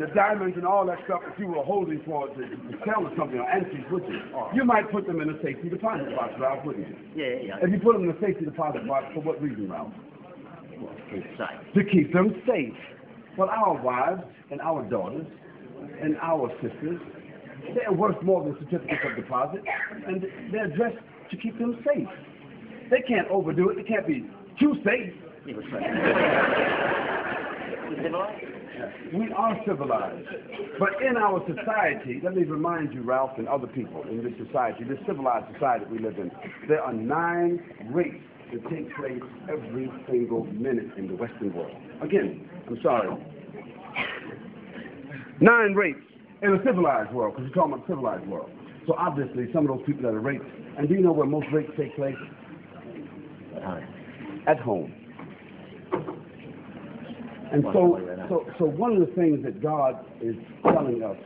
the diamonds and all that stuff that you were holding for to, to sell or something or antiques with you. Right. You might put them in a safety deposit box, Ralph, wouldn't you? Yeah, yeah. If you put them in a safety deposit box, for what reason, Ralph? Well, to keep them safe. But our wives and our daughters and our sisters, they're worth more than certificates of deposit, and they're dressed to keep them safe. They can't overdo it. They can't be too safe. We are civilized. But in our society, let me remind you, Ralph, and other people in this society, this civilized society we live in, there are nine rapes that take place every single minute in the Western world. Again, I'm sorry. Nine rapes in a civilized world, because you're talking about civilized world. So obviously, some of those people that are raped, and do you know where most rapes take place? At home. At home. And so, so, so one of the things that God is telling us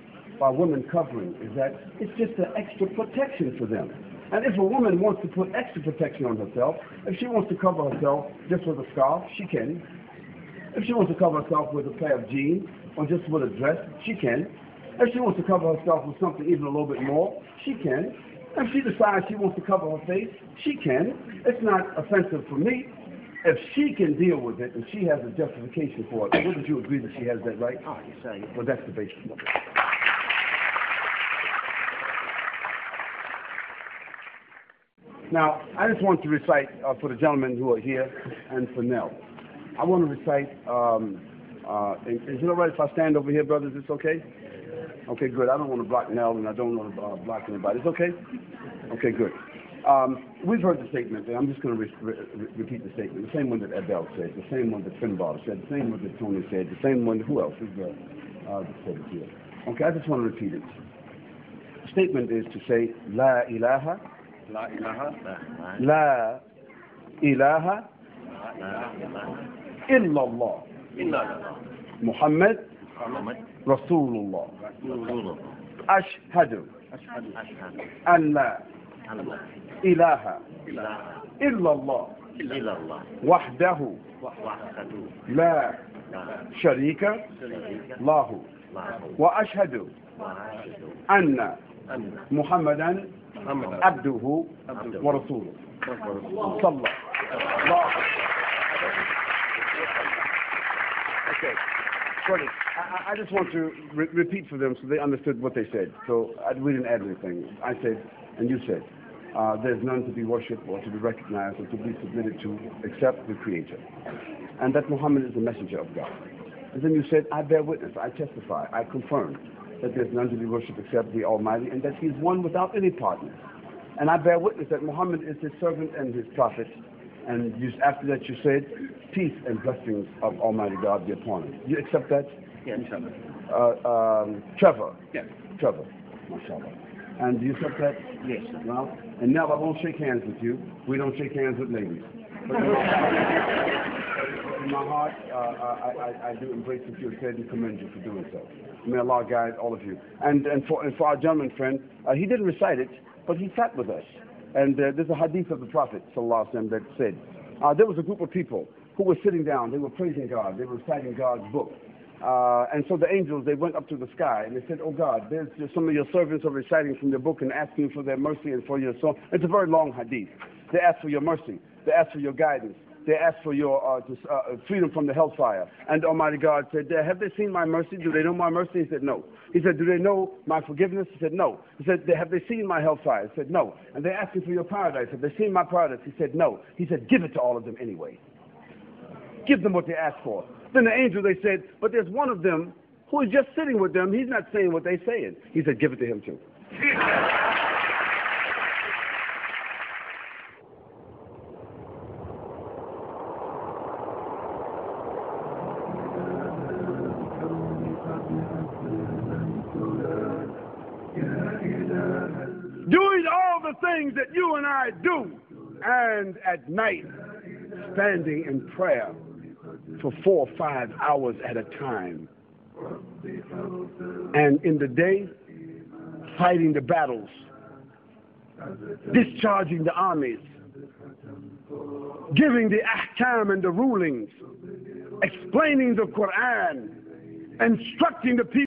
by women covering is that it's just an extra protection for them. And if a woman wants to put extra protection on herself, if she wants to cover herself just with a scarf, she can. If she wants to cover herself with a pair of jeans or just with a dress, she can. If she wants to cover herself with something even a little bit more, she can. If she decides she wants to cover her face, she can. It's not offensive for me. If she can deal with it and she has a justification for it, wouldn't you agree that she has that right? Oh, yes, Well, that's the basis of it. Now, I just want to recite uh, for the gentlemen who are here and for Nell. I want to recite. Um, uh, is it all right if I stand over here, brothers? It's okay? Okay, good. I don't want to block Nell and I don't want to uh, block anybody. It's okay? Okay, good. Um, we've heard the statement, and I'm just going to re re repeat the statement, the same one that Abel said, the same one that Finbar said, the same one that Tony said, the same one, who else is there? Uh, that said it here. Okay, I just want to repeat it. The statement is to say, La ilaha, La ilaha, La ilaha, illallah, illallah, Muhammad, Muhammad, Rasulullah, Rasulullah, Ashhadu, Ashhadu, An Allah. Allah. Ilaha. Ilaha. Illallah. Illallah. Wahdahu. Wahdahu. La. Sharika. Lahu. وأشهد أن محمدا عبده ورسوله صلى الله Okay, sorry. I, I just want to re repeat for them so they understood what they said. So I, we didn't add anything. I said and you said, uh, there's none to be worshipped or to be recognized or to be submitted to except the Creator. And that Muhammad is the messenger of God. And then you said, I bear witness, I testify, I confirm that there's none to be worshipped except the Almighty and that He is one without any partner. And I bear witness that Muhammad is His servant and His prophet. And you, after that you said, peace and blessings of Almighty God be upon him. You accept that? Yes, uh, um, Trevor. Yes. Trevor, mashallah. And you said that? Yes. Well, and now I won't shake hands with you. We don't shake hands with ladies. But in my heart, in my heart uh, I, I, I, do embrace what you said and commend you for doing so. May Allah guide all of you. And, and, for, and for our gentleman friend, uh, he didn't recite it, but he sat with us. And uh, there's a hadith of the Prophet وسلم, that said, uh, there was a group of people who were sitting down, they were praising God, they were reciting God's book. Uh, and so the angels, they went up to the sky and they said, Oh God, there's some of your servants are reciting from their book and asking for their mercy and for your soul. It's a very long hadith. They ask for your mercy. They ask for your guidance. They ask for your uh, uh, uh, freedom from the hellfire. And Almighty God said, Have they seen my mercy? Do they know my mercy? He said, No. He said, Do they know my forgiveness? He said, No. He said, Have they seen my hellfire? He said, No. And they asked him for your paradise. Have they seen my paradise? He said, No. He said, Give it to all of them anyway. Give them what they ask for. Then the angels, they said, but there's one of them who is just sitting with them. He's not saying what they're saying. He said, give it to him too. Doing all the things that you and I do, and at night standing in prayer for four or five hours at a time. And in the day, fighting the battles, discharging the armies, giving the ahkam and the rulings, explaining the Quran, instructing the people.